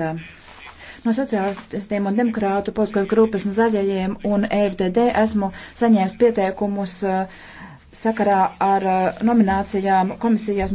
Tā. No sociālistiem un demokrātu posgadu grupas un zaļajiem un EFDD esmu saņēmis pieteikumus uh, sakarā ar uh, nominācijām komisijās.